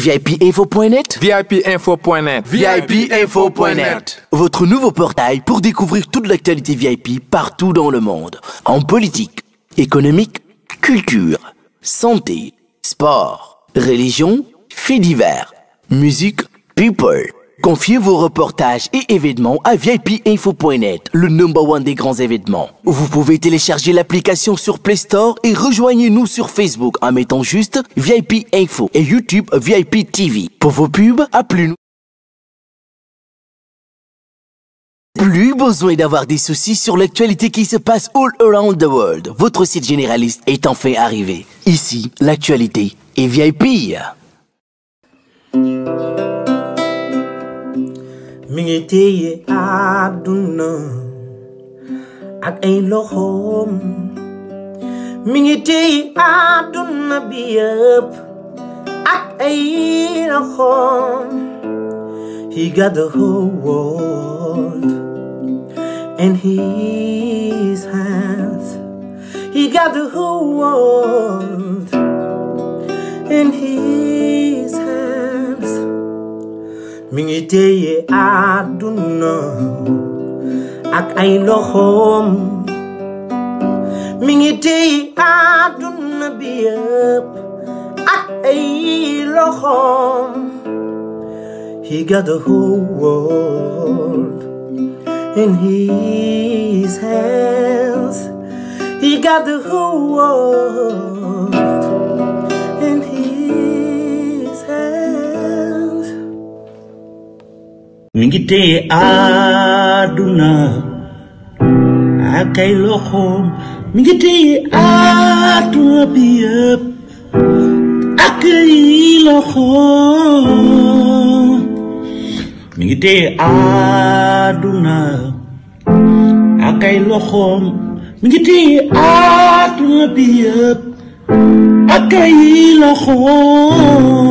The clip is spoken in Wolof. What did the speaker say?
VIPinfo.net VIPinfo.net VIPinfo.net Votre nouveau portail pour découvrir toute l'actualité VIP partout dans le monde. En politique, économique, culture, santé, sport, religion, faits divers, musique, people. Confiez vos reportages et événements à VIPinfo.net, le number one des grands événements. Vous pouvez télécharger l'application sur Play Store et rejoignez-nous sur Facebook en mettant juste VIP Info et YouTube VIP TV. Pour vos pubs, à plus nous. Plus besoin d'avoir des soucis sur l'actualité qui se passe all around the world. Votre site généraliste est enfin arrivé. Ici, l'actualité est VIP. Mingiti ye aduna ak ay loxoom mi ngi téye aduna bi yëpp ak ay loxoom he got the whole world in his hands he got the whole world in his mi aduna téye àdduna ak ay loxoom mi ngi ak ay he got the whole world in his hands he got the whole world mi ngi téye àdduna ak ay loxoom mi ngi téye àdduna bi yëpp ak ay loxoom mi ngi téye àdduna ak ay loxoom mi ngi téye àdduna bi yëpp ak ay loxoom